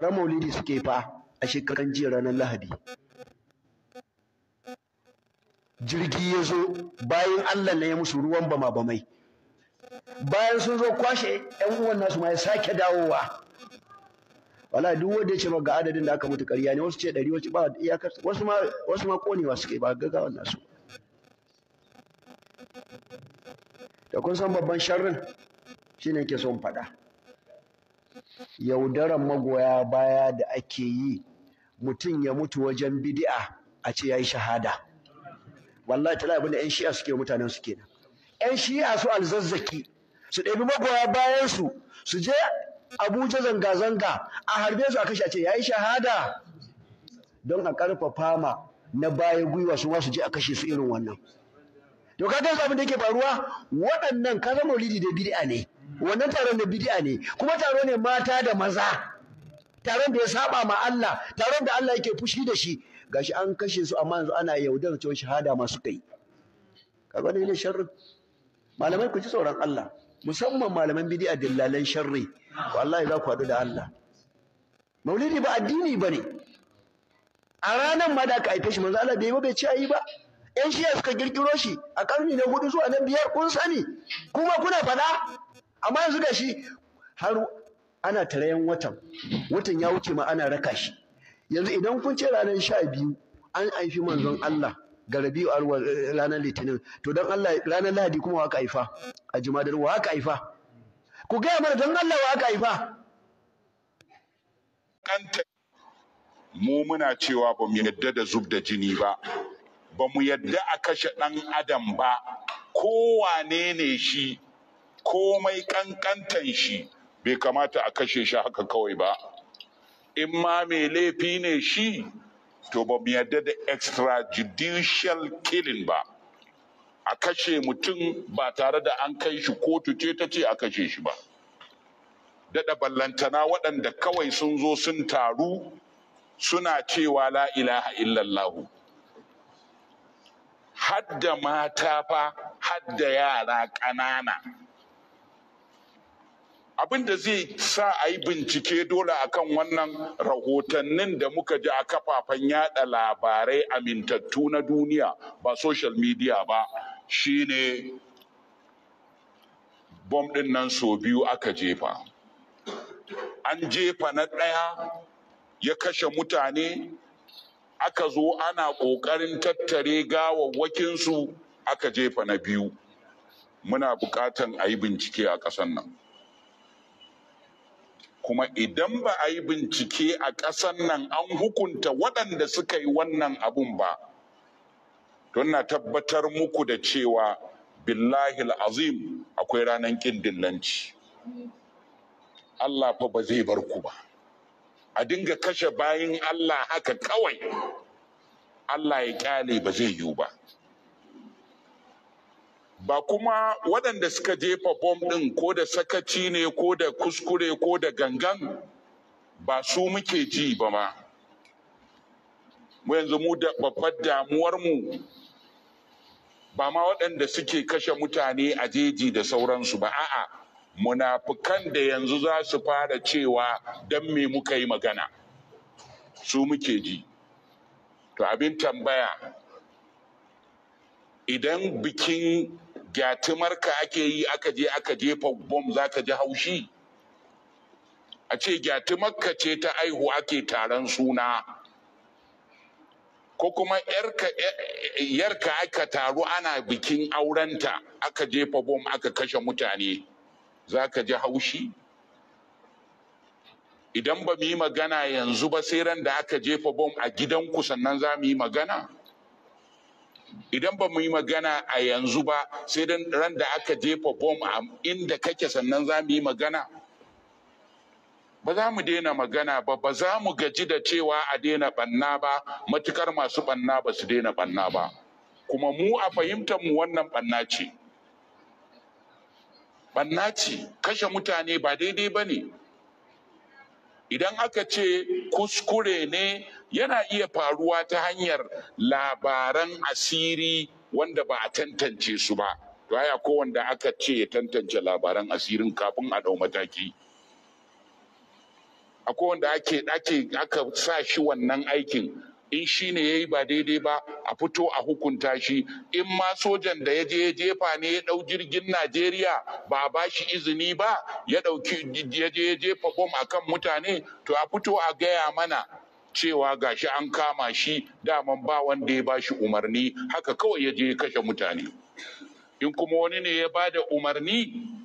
taron maulidi suke fa a shekaran jiya ranar lahadi jirgi ya zo bayan allah na ya musu ruwan bama bamai bayan sun zo kwashe yan uwan nasu ma ya sake dawowa wala duk wanda ya ce ga adadin da aka mutu karya ne wasu ce ɗari wasu ba iyakar wasu ma wasu ma konewa suke ba gaggawan nasu da kun san babban sharrin shine ke son faɗa yaudaran magoya baya da ake yi mutum ya mutu wajen bidi'a a ce ya yi shahada wallahi tala abin da 'yan shi'a suke mutanen su kenan 'yan shi'a su alzazzaki su ɗabi magoya bayansu, su je abuja zanga-zanga a harbe su a kashe a ce ya yi shahada don a ƙarfafa ma na baya gwiwa su ma su je a kashe su irin wannan to ka abin da yake faruwa waɗannan kaza maulidi da bid'a ne wannan taron na bid'a ne kuma taro ne mata da maza taron da ya saba ma Allah taron da Allah yake fushi da shi gashi an kashe su amma yanzu ana yaudar cewa shahada ma suka yi kaga ne sharri malamai ku ji tsoron Allah musamman malaman bid'a dillalan sharri wallahi za ku haɗu da Allah maulidi ba addini ba ne a ranar ma da aka haife shi manzo Allah bai ba bai ci ayi ba yan shiya suka girgiro shi a karni na hudu zuwa na biyar kun sani kuma kuna faɗa amma yanzu gashi har ana tarayen watan watan ya wuce ma ana raka shi yanzu idan kun ce ranar sha biyu an haifi manzon Allah ga rabi'u alwal eh, ranar litinin to dan Allah ranar lahadi kuma waka haifa a jumadar wa aka haifa ku gaya mana dan Allah wa aka haifa mu muna cewa ba mu yadda da zub da jini ba ba mu yadda a kashe ɗan adam ba kowane ne shi komai kankantan shi bai kamata a kashe shi haka kawai ba in ma mai laifi ne shi to ba mu yarda da extrajudicial killing ba a kashe mutum ba tare da an kai shi kotu ce ta ce a kashe shi ba daɗa ballantana waɗanda kawai sun zo sun taru suna cewa la ilaha illallahu hadda mata fa hadda yara ƙanana abin da zai sa a yi bincike dole akan wannan rahotannin da muka ji a kafafen yada labarai amintattu na duniya ba social media ba shine bom din nan so biyu aka jefa an jefa na ɗaya ya kashe mutane aka zo ana ƙoƙarin tattare gawawwakinsu aka jefa na biyu muna buƙatan a yi bincike a ƙasan nan kuma idan ba a yi bincike a ƙasan nan an hukunta waɗanda suka yi wannan abun ba don na tabbatar muku da cewa billahi azim akwai ranar ƙin dillanci Allah fa ba zai bar ku ba a dinga kashe bayan Allah haka kawai Allah ya ƙyale ba zai yiwu ba ba kuma waɗanda suka jefa bom ɗin ko da sakaci ne ko da kuskure ko da gangan ba su muke ji ba ma mu yanzu mu da babbar damuwarmu ba ma waɗanda suke kashe mutane a jeji da sauransu ba a'a munafukan da yanzu za su fara cewa don me muka yi magana su muke ji to abin tambaya idan bikin gyatumarka ake yi aka je aka jefa bom za ka ji haushi a ce ka ce ta aihu ake taron suna ko kuma yarka aka taru ana bikin aurenta aka jefa bom aka kashe mutane za ka ji haushi idan ba mu yi magana yanzu ba sai ran da aka jefa bom a gidanku sannan za mu yi magana idan ba mu yi magana a yanzu ba sai dan ran da aka jefa bom a inda kake sannan za mu yi magana ba za mu daina magana ba ba za mu gaji da cewa a daina banna ba matukar masu banna ba su daina banna ba kuma mu a fahimtar mu wannan banna ce banna ce kashe mutane ba daidai ba ne idan aka ce kuskure ne yana iya faruwa ta hanyar labaran asiri wanda ba a tantance su ba to haya ko wanda aka ce ya tantance labaran asirin kafin a dau mataki akwai wanda ake aka sa shi wannan aikin in shi ne ya yi ba daidai ba a fito a hukunta shi in ma sojan da ya je ya jefa ne ya ɗau jirgin najeriya ba a ba shi izini ba ya ɗauki ya je ya jefa bom a kan mutane to a fito a gaya mana cewa gashi an kama shi daman ba wanda ya ba shi umarni haka kawai ya je ya kashe mutane in kuma wani ne ya ba da umarni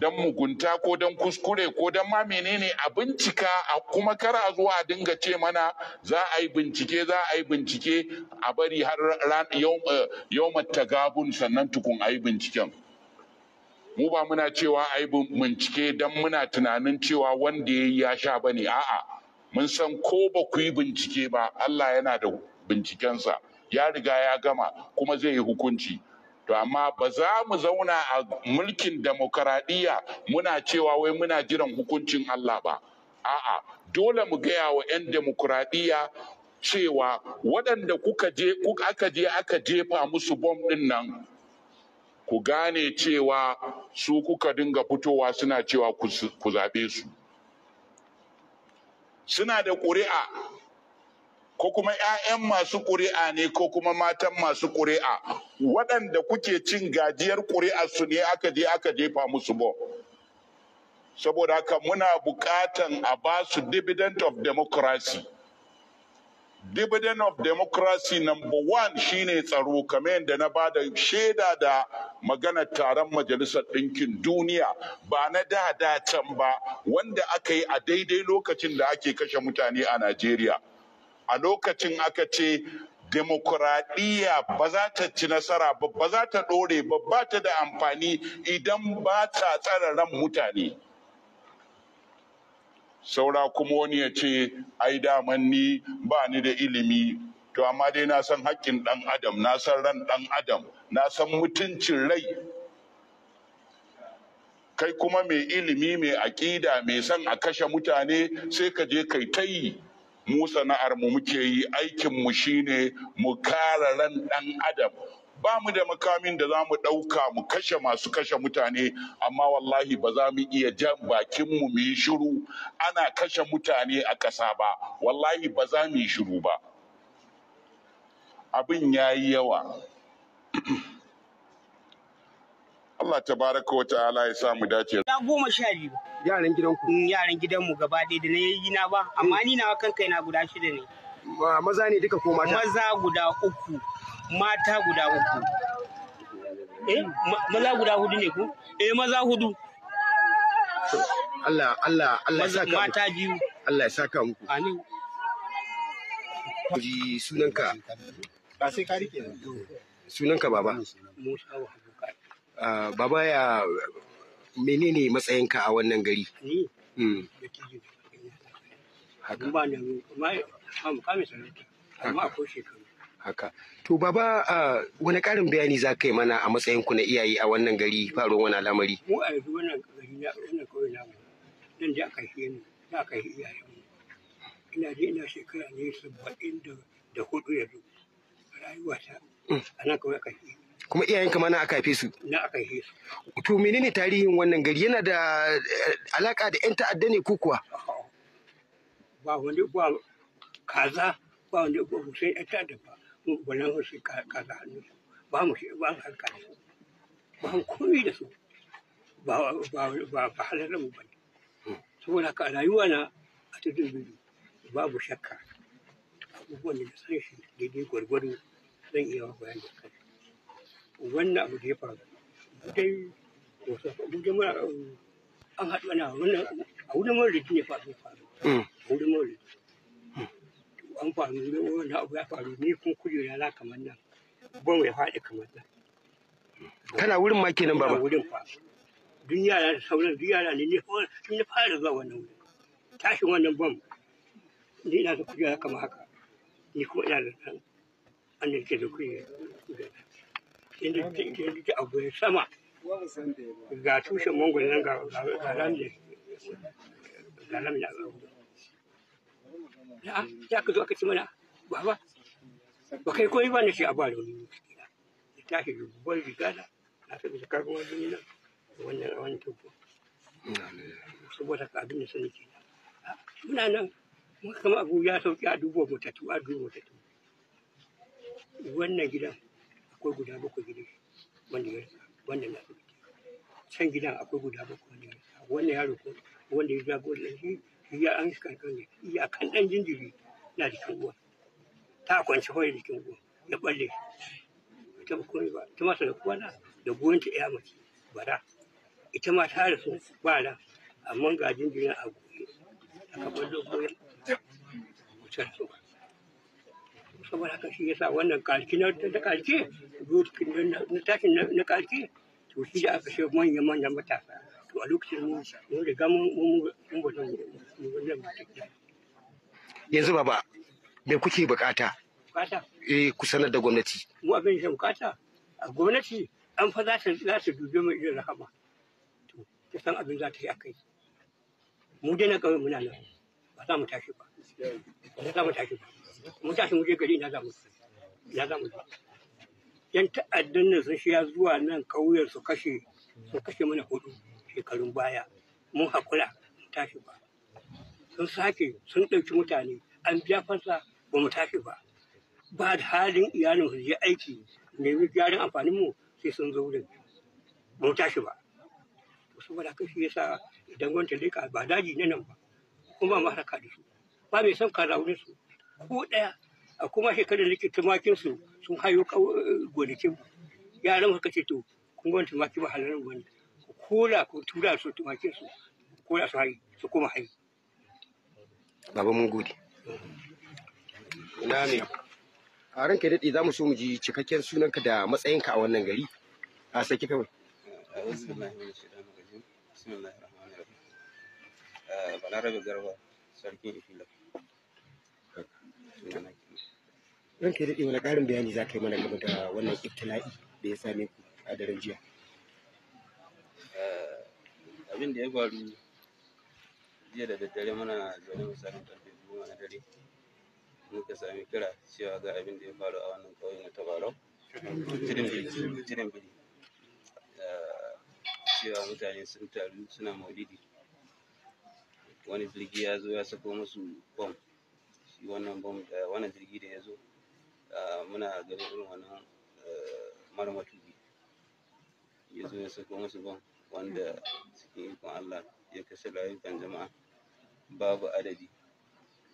don mugunta ko don kuskure ko don ma menene a bincika a kuma kara zuwa a dinga ce mana za a yi bincike za a yi bincike a bari har eh, mata gabun sannan tukun a yi binciken mu ba muna cewa a yi bincike don muna tunanin cewa wanda ya yi ya sha ba ne a'a mun san ko ba ku yi bincike ba allah yana da bincikensa ya riga ya gama kuma zai yi hukunci to amma ba za mu zauna a mulkin demokaradiyya muna cewa wai muna jiran hukuncin Allah ba a'a dole mu gaya wa 'yan demokaradiyya cewa waɗanda kuka je aka je aka jefa musu bom ɗin nan ku gane cewa su kuka dinga fitowa suna cewa ku zaɓe su suna da ƙuri'a ko kuma 'ya'yan masu ƙuri'a ne ko kuma matan masu ƙuri'a waɗanda kuke cin gajiyar ƙuri'a su ne aka je aka jefa musu ba. saboda haka muna buƙatan a ba su dividend of democracy dividend of democracy number one shine tsaro kamar yadda na ba da shaida da magana taron majalisar ɗinkin duniya ba na da da can ba wanda aka yi a daidai lokacin da ake kashe mutane a najeriya a lokacin aka ce demokuraɗiyya ba za ta ci nasara ba ba za ta ɗore ba ba ta da amfani idan ba ta tsara ran mutane saura kuma wani ya ce ai daman ni ba ni da ilimi to amma dai na san haƙƙin ɗan adam na san ran ɗan adam na san mutuncin rai kai kuma mai ilimi mai aƙida mai san a kashe mutane sai ka je kai ta yi mu sana'ar mu muke yi aikin mu shine mu kare ran dan adam ba mu da makamin da za mu ɗauka mu kashe masu kashe mutane amma wallahi ba za mu iya jan bakinmu mu yi shiru ana kashe mutane a ƙasa ba wallahi ba za mu yi shiru ba abin ya yi yawa Allah ta baraka wa ta'ala ya samu dace. Na goma sha biyu. Yaran gidanku? Mm, yaran gidanmu gaba ɗaya da na yi na ba, amma ni nawa kan kai na guda shida ne. Maza ne duka ko mata? Maza guda uku, mata guda uku. Eh, maza guda hudu ne ku? Eh, maza hudu. Allah, Allah, Allah ya saka Mata biyu. Allah ya saka muku. Amin. Ji sunanka. Ba sai ka rike. Sunanka baba. Musa Ah, baba ya menene matsayinka a wannan gari eh, hmm. haka to baba ah, wani karin bayani za ka yi mana a matsayin ku na iyaye a wannan gari faro wani al'amari mu a yanzu wannan gari na wannan kawai namu nan da aka shi ni da aka shi iyaye mu ina je ina shekara ne saba'in da hudu yanzu rayuwa ta hmm. ana kawai aka shi ne kuma iyayen kama na aka haife su na aka haife su to menene tarihin wannan gari yana da eh, alaka da yan ta'adda ne ko kuwa ba wani ba kaza ba wani ba hussein yan ta'adda ba wannan hussein kaza hannu ba mu ba mu halka da su ba mu komi da su ba ba ba ba halalan mu bane saboda ka rayuwa na a tudun biyu babu shakka abubuwan da san shi daidai gwargwado zan iya bayani kai wannan abu da ya faru dai wasu da muna an haɗu ana wannan a wurin maulidi ne faru faru hmm. a wurin maulidi an faru ne wannan abu ya faru ne kuje ya la kamar nan ban ya faɗi kamar nan kana wurin ma kenan baba wurin fa duniya yara sauran duniya yara ne ne na fara zuwa wannan wurin tashin wannan bam ni ina da kujera kamar haka ni kuma ina da ɗan an da ke da kujera inda abu ya sama ga tushen mangon nan ga rami ga rami na ya ya ka zo aka ci mana baba ba kai koyi ba na shi abu a rauni ya tashi rubuwar riga na na tafi da karfin jini na wannan a wani tubu saboda ka abin da sani ke muna nan mun kama abu ya sauki a dubu mutatu a dubu mutatu wannan gidan akwai guda bakwai gidan wanda ya rika wanda na fi can gidan akwai guda bakwai wanda ya rika wannan yaro ko wanda ya zago da shi ya an shi kankan ne ya kan dan jinjiri na jikin uwa ta kwanci hoye jikin uwa ya balle ta ba komai ba ta masa da na da ta ya mace bara ita ma ta rasu ba na amma ga jinjirin a goye aka ballo goyon wutar tsoka saboda haka shi yasa wannan kalki na ta kalki na tashin na kalki to shi da aka shiga manyan manyan matasa to a lokacin mu mun riga mun mun gudun wannan yanzu baba me kuke bukata bukata eh ku sanar da gwamnati mu abin shi bukata a gwamnati an fa za ta za ta dube mu irin rahama to ta san abin za ta yi akai mu dena kawai muna nan ba za mu tashi ba ba za mu tashi ba mu tashi mu gari na za mu ina yan ta'addan nan sun shiya zuwa nan ƙauyen su kashe su kashe mana hudu shekarun baya mun hakura mu tashi ba sun sake sun ɗauki mutane an biya fansa ba mu tashi ba ba da halin iyalin su je aiki nemi gyaran amfanin mu sai sun zo wurin mu tashi ba Wasu ba da kashi yasa idan gwamnati leka ba daji na nan ba kuma ma haraka da su ba mai son kaza wurin su Ko ɗaya a kuma shekarar da ke tumakin su sun hayo eh, gonakin yaran ka ce to kun gwanta tumaki ba halarin gwani ku kola ku tura su tumakin su kola su hayi su kuma hayi. Baba mun gode. Ina ne. A ranka daɗe za mu so mu ji cikakken sunanka da matsayinka a wannan gari. A saki kawai. Bismillahirrahmanirrahim. Eh, Balarabe Garba, sarkin Ifila. Ran kai daɗe wani ƙarin bayani za ka yi mana game da wannan iftila'i da ya same ku a daren jiya. Eh, abin da ya faru jiya da daddare muna zaune misalin ƙarfe goma na dare muka sami kira cewa ga abin da ya faru a wannan ƙauye na Tabarau. Jirin biri. Eh, cewa mutane sun taru suna maulidi. Wani jirgi ya zo ya sako musu bom. shi wannan bom eh, wannan jirgi da ya zo ah, muna ganin irin wannan eh, mara matuƙi ya zo ya sako musu bom wanda cikin ikon Allah ya kashe rayukan jama'a babu adadi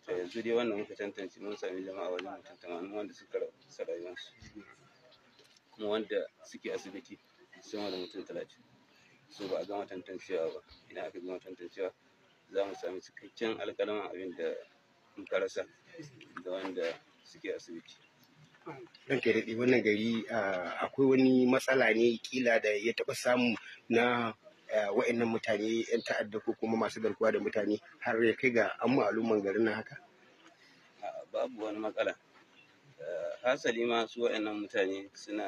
to yanzu dai wannan muka tantance mun sami jama'a wajen mutum tamanin wanda suka rasa rayuwarsu kuma wanda suke asibiti sama da mutum talatin so ba a gama tantancewa ba idan aka gama tantancewa za mu sami cikakken alƙalaman abin da Karasa, ka da wanda suke asibiti don ke daɗi wannan gari akwai wani matsala ne kila da ya taɓa samu na wa'annan mutane 'yan ta'adda ko kuma masu garkuwa da mutane har ya kai ga an ma'aluman garin na haka babu wani matsala hasali ma su wa'annan mutane suna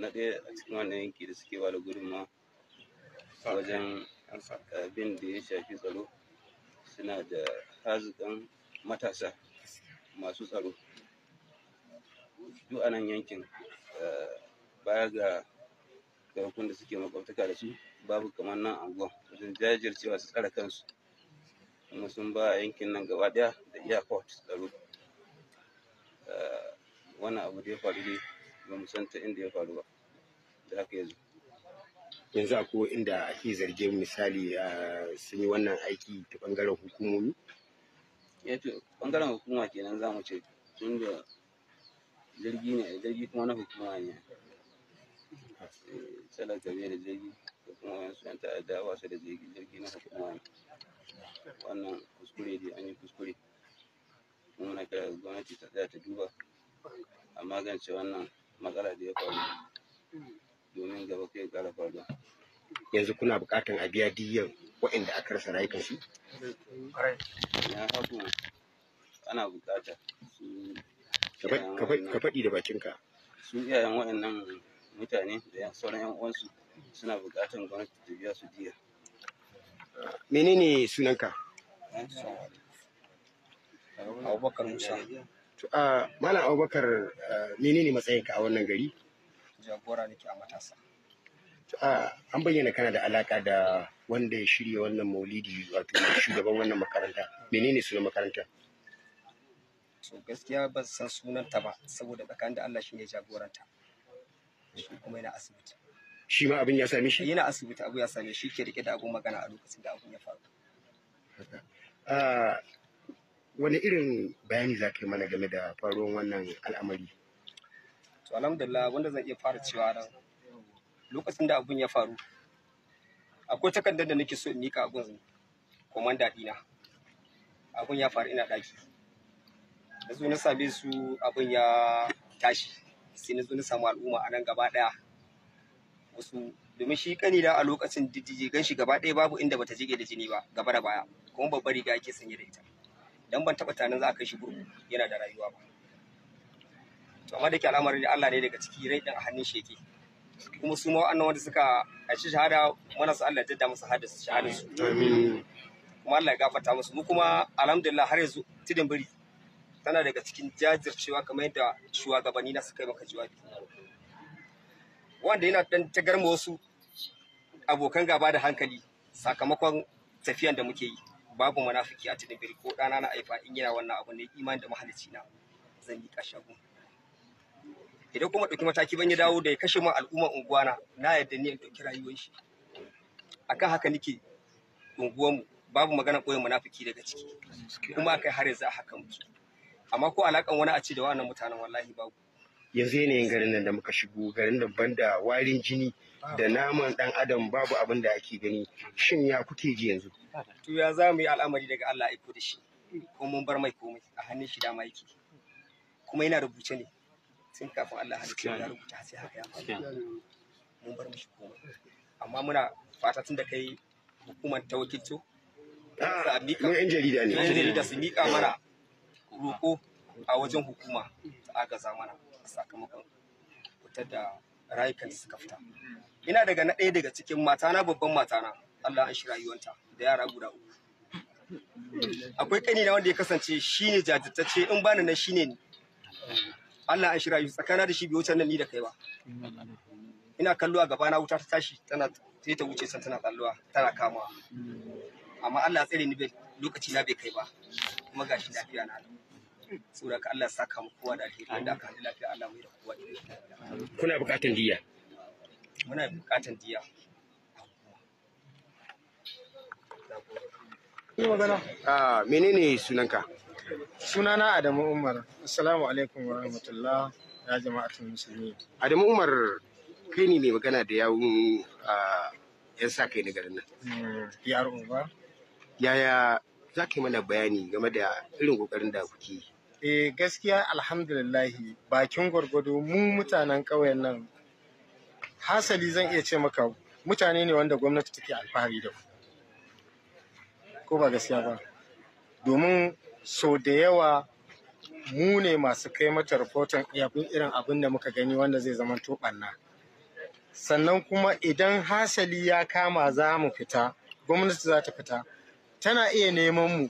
na ɗaya a cikin wannan yanki da suke ba da gudunma wajen bin da ya shafi tsaro suna da haziƙan matasa masu tsaro duk a nan yankin eh, baya ga garkun da suke makwabtaka da su babu kamar nan anguwan wajen jajircewa su tsara kansu kuma sun ba yankin nan gaba ɗaya da airport tsaro eh, wannan abu da ya faru ne ba mu san ta inda ya faru ba da haka yanzu yanzu akwai inda ake zargin misali eh, sun yi wannan aiki ta bangaren hukumomi Eh, to bangaren hukuma kenan za mu ce tun da jirgi ne jirgi kuma na hukuma ne eh, talaka bai da jirgi da kuma wasu yan ta'adda ba su da jirgi jirgi na hukuma ne wannan kuskure ne an yi kuskure kuma na kira gwamnati ta tsaya ta duba a magance wannan matsala da ya faru domin gaba kai kara faruwa yanzu kuna buƙatar a biya diyan waɗanda aka rasa rayukan su ya haku ana bukata ka faɗi da bakinka su iyayen waɗannan mutane da yan sauran yan uwansu suna bukatan gwamnati ta biya su diya menene sunanka abubakar musa a malam abubakar menene matsayinka a wannan gari jagora nake a matasa an bayyana kana da alaka da wanda ya shirya wannan maulidi wato shugaban wannan makaranta menene sunan makaranta so gaskiya ba san sunanta ba saboda tsakanin da Allah shi ne jagoranta shi kuma yana asibiti shi ma abin ya same shi yana asibiti abu ya same shi ke rike da abun magana a lokacin da abun ya faru ah, wani irin bayani za ka yi mana game da faruwar wannan al'amari to alhamdulillah wanda zan iya fara cewa lokacin da abun ya faru akwai takardar da nake so in nika abun komanda dina abun ya faru ina daki yanzu na same su abun ya tashi sai na zo na samu al'umma a nan gaba daya wasu domin shi kani da a lokacin gan shi gaba daya babu inda bata jige da jini ba gaba da baya kuma babbar riga yake sanye da ita dan ban taba tanan za a kai shi gurgu yana da rayuwa ba to amma da ke al'amarin Allah ne daga ciki rai din a hannun shi yake kuma su ma wa'annan wanda suka aishi shahada mana su Allah jadda musu hada su shahada su kuma Allah ya gafarta musu mu kuma alhamdulillah har yanzu tudun biri tana daga cikin jajircewa kamar yadda shugabanni na suka yi maka jiwa. wanda yana dan tagarma wasu abokan gaba da hankali sakamakon tafiyan da muke yi babu munafiki a tudun biri ko ɗana na aifa in yana wannan abu ne imani da mahalicci na zan yi ƙashagun idan kuma ɗauki mataki ban ya dawo da ya kashe mu al'umma unguwana na yadda ni in ɗauki rayuwar shi akan haka nake unguwanmu babu magana koyon munafiki daga ciki kuma akai har yanzu a haka muke amma ko alakan wani a ce da wannan mutanen wallahi babu yanzu yanayin garin nan da muka shigo garin da banda warin jini da naman dan adam babu abin da ake gani shin ya kuke ji yanzu to ya za mu yi al'amari daga Allah aiko da shi ko mun bar mai komai a hannun shi dama yake kuma yana rubuce ne sun kafin Allah halitta ya rubuta sai haka ya faru mun bar mishi komai amma muna fata tun da kai hukumar ta wakilto a mika yan jarida ne yan jarida su miƙa mana roƙo a wajen hukuma ta agaza mana sakamakon fitar da rayukan da suka fita ina daga na ɗaya daga cikin matana babban matana Allah an shi rayuwanta da yara guda uku akwai kanina wanda ya kasance shine jajirtacce in bani na shine ni Allah ya shirya tsakana da shi bai wuce nan ni da kai ba ina kallo a gaba na wuta ta tashi tana sai ta wuce san tana kalluwa tana kamawa amma Allah ya tsare ni bai lokaci na bai kai ba kuma gashi lafiya na saboda ka Allah ya saka mu kowa da alheri wanda aka hada lafiya Allah mai da kowa kuna bukatan diya muna bukatan diya Ah, menene sunanka? Sunana Adamu Umar. Assalamu alaikum wa rahmatullah ya jama'atul musulmi. Adamu Umar kai ne mai magana da yawun yan sa kai na garin nan. Hmm, Yaro ba. Yaya za ka yi mana bayani game da irin kokarin da kuke Eh gaskiya alhamdulillahi bakin gwargwado mu mutanen ƙauyen nan hasali zan iya ce maka mutane ne wanda gwamnati take alfahari da ku. Ko ba gaskiya ba. Domin so da yawa mu ne masu kai mata rahoton irin abin da muka gani wanda zai zama ɓanna. sannan kuma idan hasali ya kama za mu fita gwamnati za ta fita tana iya neman mu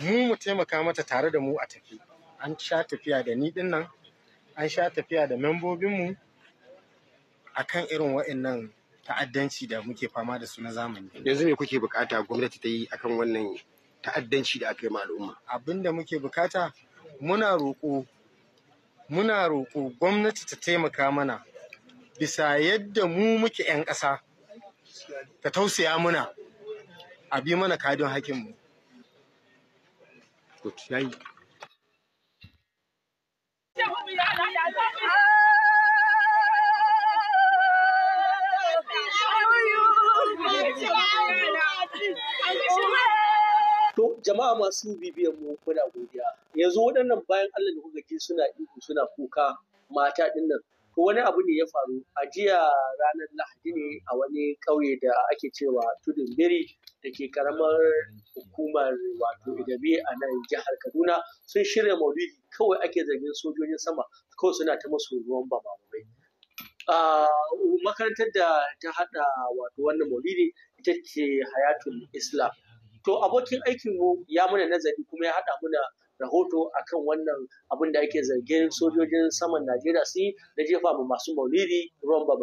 mu mu taimaka mata tare da mu a tafi an sha tafiya da ni dinnan an sha tafiya da membobinmu a kan irin waɗannan ta'addanci da muke fama da su na zamani yanzu me kuke bukata gwamnati ta yi akan wannan ta'addanci da aka yi ma al'umma abin da muke bukata muna roƙo muna roƙo gwamnati ta taimaka mana bisa yadda mu muke 'yan ƙasa ta tausaya muna a bi mana kadin hakin mu. To jama'a masu bibiyan mu kuna godiya. Yanzu waɗannan bayan Allah da kuka ji suna ihu suna kuka mata ɗin Ko wani abu ne ya faru a jiya ranar Lahadi ne a wani ƙauye da ake cewa Tudun Biri da ke karamar hukumar wato Idabi a nan jihar Kaduna sun shirya maulidi kawai ake zargin sojojin sama kawai suna ta masu ruwan bamamai. makarantar da ta haɗa wato wannan maulidi ita ce Hayatul Islam. to abokin aikin mu ya muna nazari kuma ya haɗa muna rahoto akan wannan abin da ake zargin sojojin saman Najeriya su yi da jefa mu masu maulidi ruwan ba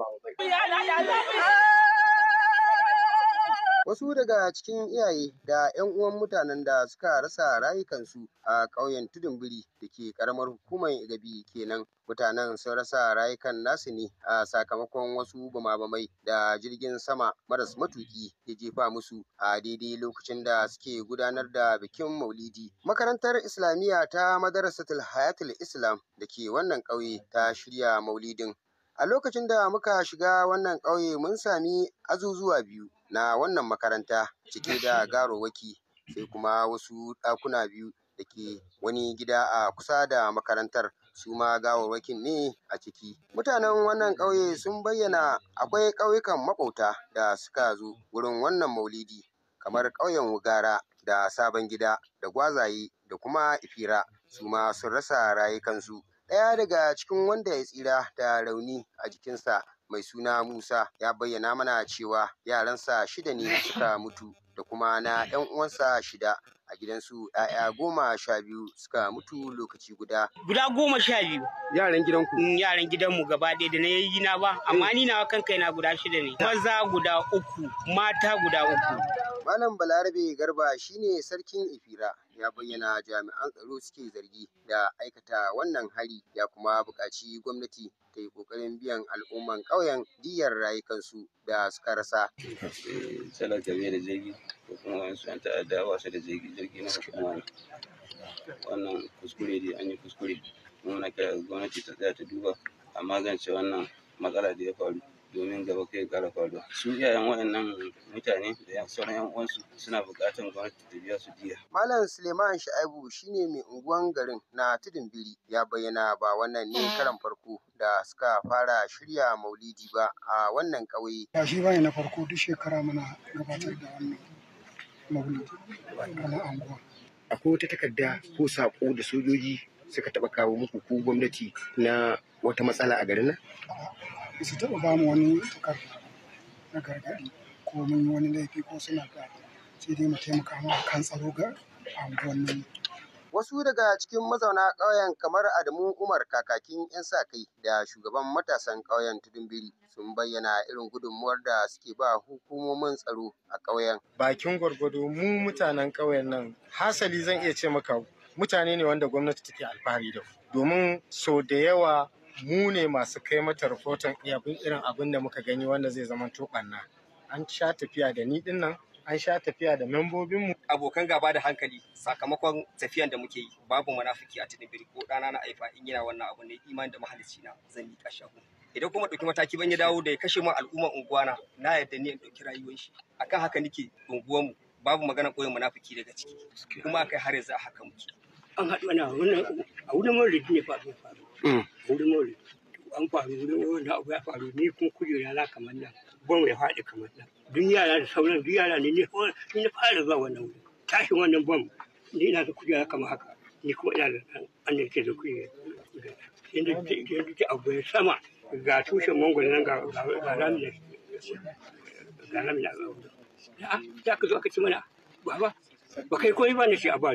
Wasu daga cikin iyaye da 'yan uwan mutanen da suka rasa rayukansu a ƙauyen Tudun Biri da ke ƙaramar hukumar Igabi kenan. Mutanen sun rasa rayukan nasu ne a sakamakon wasu bama da jirgin sama maras matuki ya jefa musu a daidai lokacin da suke gudanar da bikin maulidi. Makarantar Islamiyya ta Madarasatul Hayatul Islam da ke wannan ƙauye ta shirya maulidin. A lokacin da muka shiga wannan ƙauye mun sami azuzuwa biyu. na wannan makaranta cike da garowaki sai kuma wasu ɗakuna biyu da ke wani gida a kusa da makarantar su ma gawarwakin ne a ciki. Mutanen wannan ƙauye sun bayyana akwai ƙauyukan maƙwabta da suka zo wurin wannan maulidi kamar ƙauyen Wugara da Sabon Gida da Gwazaye da kuma Ifira su ma sun rasa rayukansu. Ɗaya daga cikin wanda ya tsira da rauni a jikinsa mai suna Musa ya bayyana mana cewa yaransa shida ne suka mutu da kuma na 'yan uwansa shida a gidansu 'ya'ya goma sha biyu suka mutu lokaci guda. Guda goma sha biyu. Yaran gidanku? Mm, yaran gidanmu gaba ɗaya da na yayi na ba, amma ni na kan kaina guda shida ne. Maza guda uku, mata guda uku. Malam Balarabe Garba shine sarkin Ifira ya bayyana jami'an tsaro suke zargi da aikata wannan hari ya kuma buƙaci gwamnati ta yi ƙoƙarin biyan al'umman ƙauyen diyar rayukansu da suka rasa. Eh, talaka bai da ko kuma ‘yan ta'adda da jirgi jirgi na Wannan kuskure dai an yi kuskure. Muna kira gwamnati ta tsaya ta duba a magance wannan matsala da ya faru. domin gaba kai kara faruwa su iyayen waɗannan mutane da sauran yan uwansu suna buƙatar gwamnati ta biya su diya malam suleiman sha'ibu shine mai unguwan garin na tudun biri ya bayyana ba wannan ne karan farko da suka fara shirya maulidi ba a wannan ƙauye. Ya shi bane na farko duk shekara muna gabatar da wannan maulidi wannan anguwa. Akwai wata takarda ko saƙo da sojoji suka taɓa kawo muku ko gwamnati na wata matsala a garin nan? Ba su taɓa bamu wani takarda na gargaɗi ko mun yi wani laifi ko suna da sai dai mu taimaka kan tsaro ga anguwannin. Wasu daga cikin mazauna ƙauyen kamar Adamu Umar kakakin 'yan sa kai da shugaban matasan ƙauyen Tudunbiri sun bayyana irin gudunmuwar da suke ba hukumomin tsaro a ƙauyen. Bakin gwargwado mu mutanen ƙauyen nan hasali zan iya ce maka mutane ne wanda gwamnati take alfahari da domin so da yawa mu ne masu kai mata rahoton irin abin da muka gani wanda zai zama to an sha tafiya da ni dinnan an sha tafiya da membobinmu. Abokan gaba da hankali sakamakon tafiyan da muke yi babu munafiki a Tinibiri ko ɗana na aifa in yana wannan abu ne imani da mahalicci na zan yi shago. Idan kuma dauki mataki ban ya dawo da ya kashe mu al'umma unguwana na yadda ni in ɗauki rayuwar shi. Akan haka nake mu, babu magana koyon munafiki daga ciki kuma kai har yanzu a haka muke. An haɗu ana wannan a wurin maulidi ne faru ya faru. A wurin maulidi. An faru wurin wanda abu ya faru ni kuma kujera na kamar nan. bom ya faɗi kamar ɗan. duk yara da sauran duk yara ne ni na fara zuwa wannan wuri tashin wannan bom ni ina da kujera kamar haka ni kuma ina da annan ke da kuyi kujera yanzu ta abu ya sama ga tushen mangwani nan ga ramin da ga da ta ka zo aka ci mana baba ba kai koyi ba shi a ba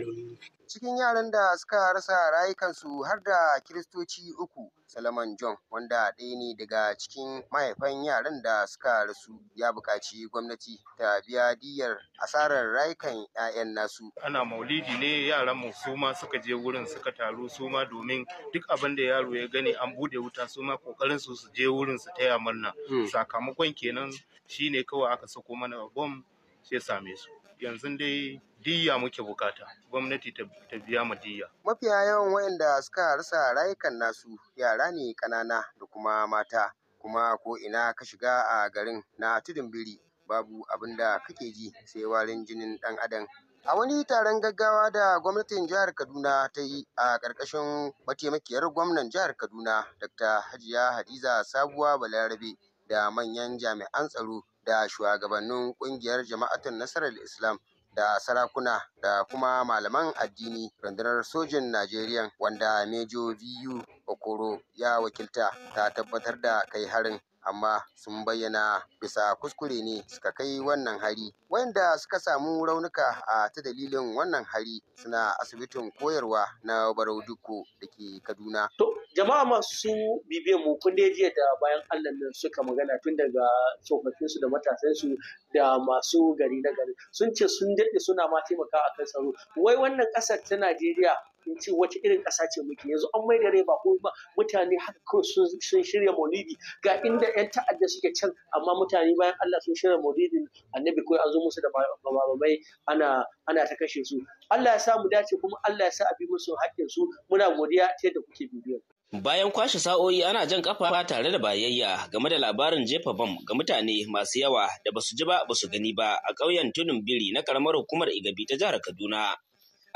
cikin yaran da suka rasa rayukansu har da kiristoci uku salaman john wanda ɗaya ne daga cikin mahaifan yaran da suka rasu ya buƙaci gwamnati ta biya diyar asarar rayukan 'ya'yan nasu ana maulidi ne yaran mu su ma suka je wurin suka taru su ma domin duk abin da yaro ya gani an bude wuta su ma kokarin su je wurin su taya murna hmm. sakamakon kenan shine kawai aka sako mana bom sai same su yanzu dai diyya muke bukata gwamnati ta biya mu diyya. Mafiya yawan waɗanda suka rasa rayukan nasu yara ne ƙanana da kuma mata kuma ko ina ka shiga a garin na tudun biri babu abin da kake ji sai warin jinin ɗan adam a wani taron gaggawa da gwamnatin jihar kaduna ta yi a ƙarƙashin mataimakiyar gwamnan jihar kaduna dr hajiya hadiza sabuwa balarabe da manyan jami'an tsaro da shugabannin ƙungiyar jama'atun nasarar islam da sarakuna da kuma malaman addini rundunar sojin Najeriya wanda Mejo VU Okoro ya wakilta ta tabbatar da kai harin amma sun bayyana bisa kuskure ne suka kai wannan hari wanda suka samu raunuka a ta dalilin wannan hari suna asibitin koyarwa na barau duku da ke kaduna to jama'a masu bibiya mu kun da jiya da bayan allah nan suka magana tun daga tsofaffin su da matasan su da masu gari na gari sun ce sun daɗe suna ma taimaka a kan tsaro wai wannan ƙasar ta najeriya in ce wace irin ƙasa ce muke yanzu an mai da rai ba ko mutane haka sun shirya maulidi ga inda da 'yan ta'adda suke can amma mutane bayan Allah sun shirya maulidin annabi kawai an zo musu da bababai ana ana ta kashe su Allah ya sa mu dace kuma Allah ya sa a bi musu haƙƙin su muna godiya ta yadda kuke bibiyar Bayan kwashe sa'o'i ana jan kafa tare da bayayya game da labarin jefa bam ga mutane masu yawa da basu ji ba basu gani ba a ƙauyen Tudun Biri na karamar hukumar Igabi ta jihar Kaduna.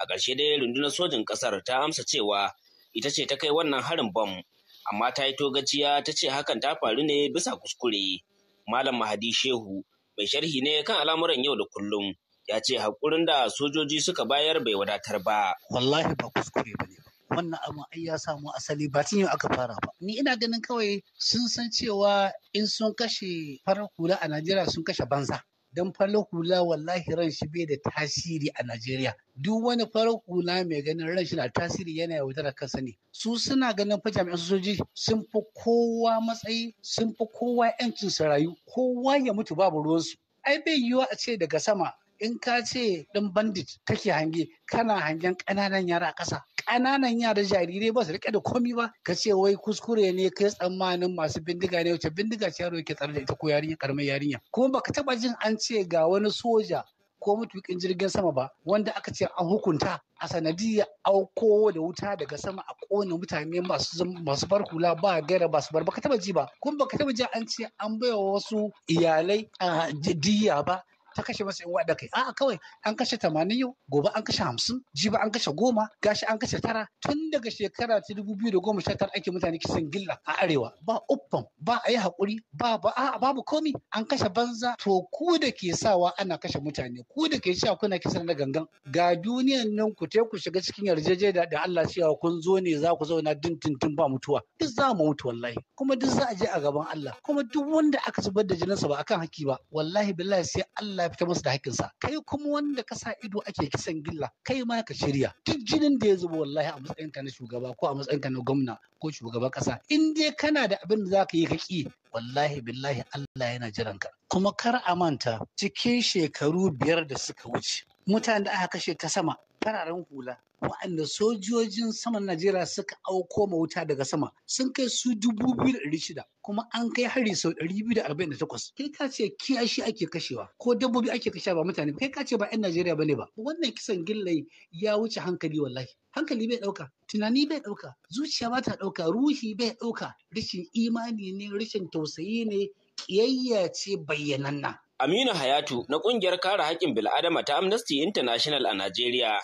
A ƙarshe dai rundunar sojin ƙasar ta amsa cewa ita ce ta kai wannan harin bam amma ta yi togaciya ta ce hakan ta faru ne bisa kuskure. Malam Mahadi Shehu mai sharhi ne kan al'amuran yau da kullum ya ce haƙurin da sojoji suka bayar bai wadatar ba. Wallahi ba kuskure ba ne ba. wannan abin ai ya samu asali ba tun yau aka fara ba ni ina ganin kawai sun san cewa in sun kashe farar kula a najeriya sun kashe banza don farar hula wallahi ran shi bai da tasiri a Najeriya. Duk wani farar hula mai ganin ran shi na tasiri yana yautar da kansa ne. Su suna ganin fa jami'an sojoji sun fi kowa matsayi, sun fi kowa 'yancin su rayu, kowa ya mutu babu ruwansu. Ai bai yiwuwa a ce daga sama in ka ce ɗan bandit kake hange kana hangen ƙananan yara a ƙasa ƙananan yara jarirai ba su rike da komi ba ka ce wai kuskure ne kai tsammanin masu bindiga ne wacce bindiga ce yaro yake tsare da ita ko yarinya karamar yarinya kuma baka taba jin an ce ga wani soja ko matukin jirgin sama ba wanda aka ce an hukunta a sanadiyar auko da wuta daga sama a kone mutane masu masu hula ba gaira ba su bar baka taba ji ba kuma baka taba ji an ce an baiwa wasu iyalai a ah, diya ba ta kashe masa yan da kai a'a kawai an kashe tamanin yau gobe an kashe hamsin jiba an kashe goma gashi an kashe tara tun daga shekara ta dubu biyu da goma sha tara ake mutane kisan gilla a arewa ba uffan ba a yi haƙuri ba ba a'a babu komi an kashe banza to ku da ke sawa ana kashe mutane ku da ke cewa kuna kisan na gangan ga duniyan nan ku te ku shiga cikin yarjejeniya da Allah cewa kun zo ne za ku zauna dindindin ba mutuwa duk za mu mutu wallahi kuma duk za a je a gaban Allah kuma duk wanda aka zubar da jininsa ba akan haki ba wallahi billahi sai Allah Allah ya fita masa da haƙƙinsa kai kuma wanda ka sa ido ake kisan gilla kai ma ka shirya duk jinin da ya zuba wallahi a matsayin ka na shugaba ko a matsayin ka na gwamna ko shugaban ƙasa in dai kana da abin da za ka yi ka ƙi wallahi billahi Allah yana jiran ka. kuma kar a manta cikin shekaru biyar da suka wuce mutanen da aka kashe ta sama fararen hula waɗanda sojojin saman Najeriya suka auko ma wuta daga sama sun kai su dubu biyu da shida kuma an kai hari sau ɗari biyu da arba'in da takwas. Kai ka ce kiyashi ake kashewa ko dabbobi ake kashewa ba mutane kai ka ce ba 'yan Najeriya ba ne ba. Wannan kisan gillai ya wuce hankali wallahi. Hankali bai ɗauka, tunani bai ɗauka, zuciya ba ta ɗauka, ruhi bai ɗauka, rashin imani ne, rashin tausayi ne, ƙiyayya ce bayyananna. Aminu Hayatu na ƙungiyar kare haƙƙin bil'adama ta Amnesty International a Najeriya ya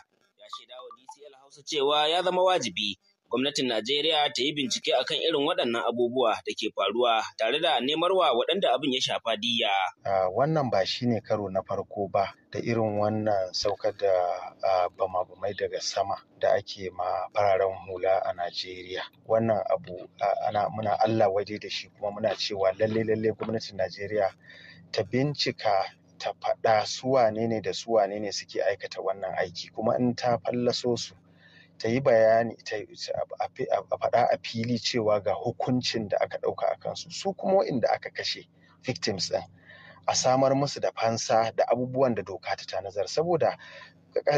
shaida wa DCL Hausa cewa ya zama wajibi gwamnatin Najeriya ta yi bincike akan irin waɗannan abubuwa da ke faruwa tare da nemar wa waɗanda abin ya shafa diya. wannan ba shi ne karo na farko ba da irin wannan saukar da bama-bamai daga sama da ake ma fararen hula a Najeriya. Wannan abu ana muna Allah waje da shi kuma muna cewa lalle-lalle gwamnatin Najeriya ta bincika ta faɗa su wanene da su wanene suke aikata wannan aiki kuma in ta fallaso su ta yi bayani a faɗa a fili cewa ga hukuncin da aka ɗauka a kansu su kuma inda aka kashe victims ɗin a samar musu da fansa da abubuwan da doka ta tanazar saboda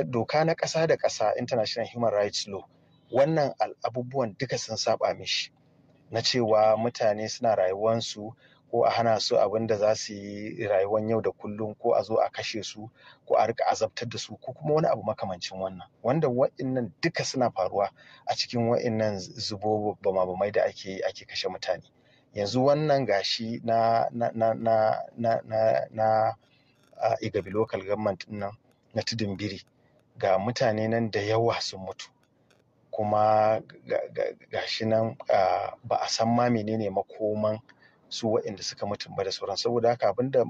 doka na ƙasa da ƙasa international human rights law wannan abubuwan duka sun saɓa mishi na cewa mutane suna rayuwansu ko a hana su abin da za su yi rayuwar yau da kullum ko a zo a kashe su ko a rika azabtar da su ko kuma wani abu makamancin wannan wanda wa'innan duka suna faruwa a cikin wa'innan zubo bamabamai da ake ake kashe mutane yanzu wannan gashi na na na na na na, na na igabi local government nan na tudun biri ga mutane nan da yawa sun mutu kuma gashi nan ba a san ma menene makoman su waɗanda suka mutum ba da sauran saboda haka abin da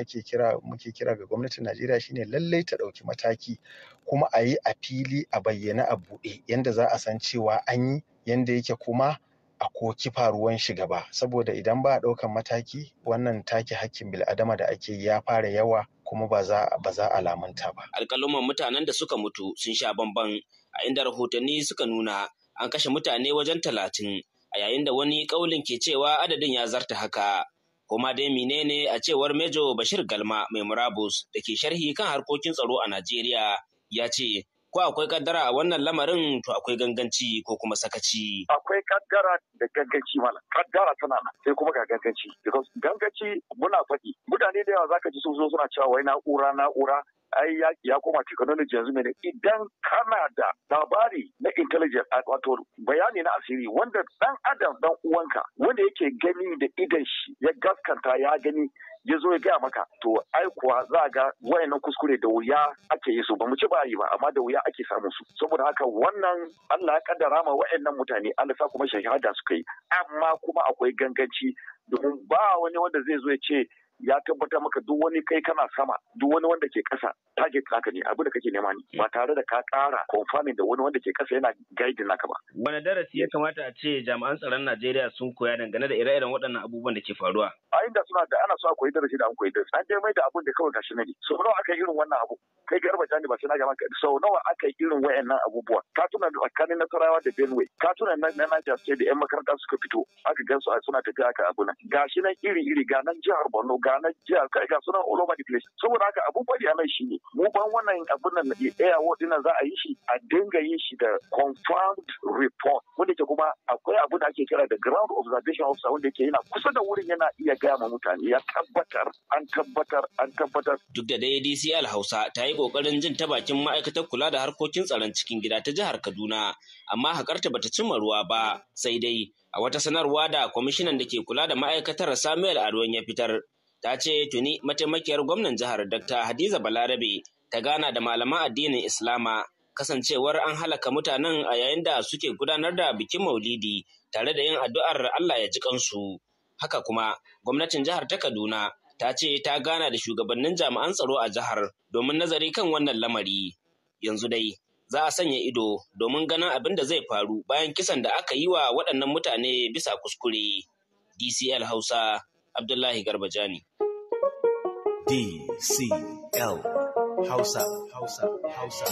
ake kira muke kira ga gwamnatin Najeriya shine lallai ta ɗauki mataki kuma a yi a fili a bayyana a buɗe yanda za a san cewa an yi yanda yake kuma a koki faruwan shi gaba saboda idan ba a ɗaukan mataki wannan take hakkin bil'adama da ake yi ya fara yawa kuma ba za a lamunta ba. Alƙaluman mutanen da suka mutu sun sha bamban a inda rahotanni suka nuna an kashe mutane wajen talatin a yayin da wani ƙaulin ke cewa adadin ya zarta haka. Kuma dai menene a cewar Mejo Bashir Galma mai murabus da ke sharhi kan harkokin tsaro a Najeriya ya ce ko akwai kaddara a wannan lamarin to akwai ganganci ko kuma sakaci. Akwai kaddara da ganganci mana. Kaddara tana nan sai kuma ga ganganci. Because ganganci muna faɗi. Mutane da yawa za ka ji sun zo suna cewa wai na'ura na'ura ai yaki ya koma technology yanzu ne idan kana da labari na intelligence wato bayani na asiri wanda dan adam dan uwanka wanda yake gani da idan shi ya gaskanta ya gani ya zo ya gaya maka to ai kuwa za a ga wayannan kuskure da wuya ake yi su ba mu ci ba yi ba amma da wuya ake samu su saboda haka wannan Allah ya kaddara ma wayannan mutane Allah sa kuma shahada suka yi amma kuma akwai ganganci domin ba wani wanda zai zo ya ce ya tabbata maka duk wani kai kana sama duk wani wanda ke kasa target naka ne abu da kake nema ne ba tare da ka kara confirming da wani wanda ke kasa yana guiding naka ba wani darasi ya kamata a ce jami'an tsaron Najeriya sun koya dangane da ire-iren waɗannan abubuwan da ke faruwa a inda suna da ana so a koyi darasi da an koyi darasi an dai mai da abun da kawai gashi ne so nawa aka irin wannan abu kai garba jani ba sai na gaban so nawa aka yi irin wayannan abubuwa ka tuna tsakanin nasarawa da benue ka tuna na niger state da yan makaranta suka fito aka gansu suna tafiya aka abu nan gashi nan iri iri ga nan jihar borno ga ranar na jihar kai ga sunan all over the saboda haka abun bari a nan ne mu ban wannan abun nan air award din za a yi shi a dinga yin shi da confirmed report wanda ke kuma akwai abun da ake kira da ground observation officer wanda yake yana kusa da wurin yana iya gaya ma mutane ya tabbatar an tabbatar an tabbatar duk da dai DCL Hausa ta yi kokarin jin ta bakin ma'aikatar kula da harkokin tsaron cikin gida ta jihar Kaduna amma hakarta bata cimma ruwa ba sai dai a wata sanarwa da kwamishinan da ke kula da ma'aikatar Samuel Aruwan ya fitar ta ce tuni mataimakiyar gwamnan jihar Dr. Hadiza Balarabe ta gana da malaman addinin Islama kasancewar an halaka mutanen a yayin da suke gudanar da bikin maulidi tare da yin addu'ar Allah ya ji kansu. Haka kuma gwamnatin jihar ta Kaduna ta ce ta gana da shugabannin jami'an tsaro a jihar domin nazari kan wannan lamari. Yanzu dai za a sanya ido domin ganin abin da zai faru bayan kisan da aka yi wa waɗannan mutane bisa kuskure. DCL Hausa Abdullahi Garbajani. DCL Hausa Hausa Hausa.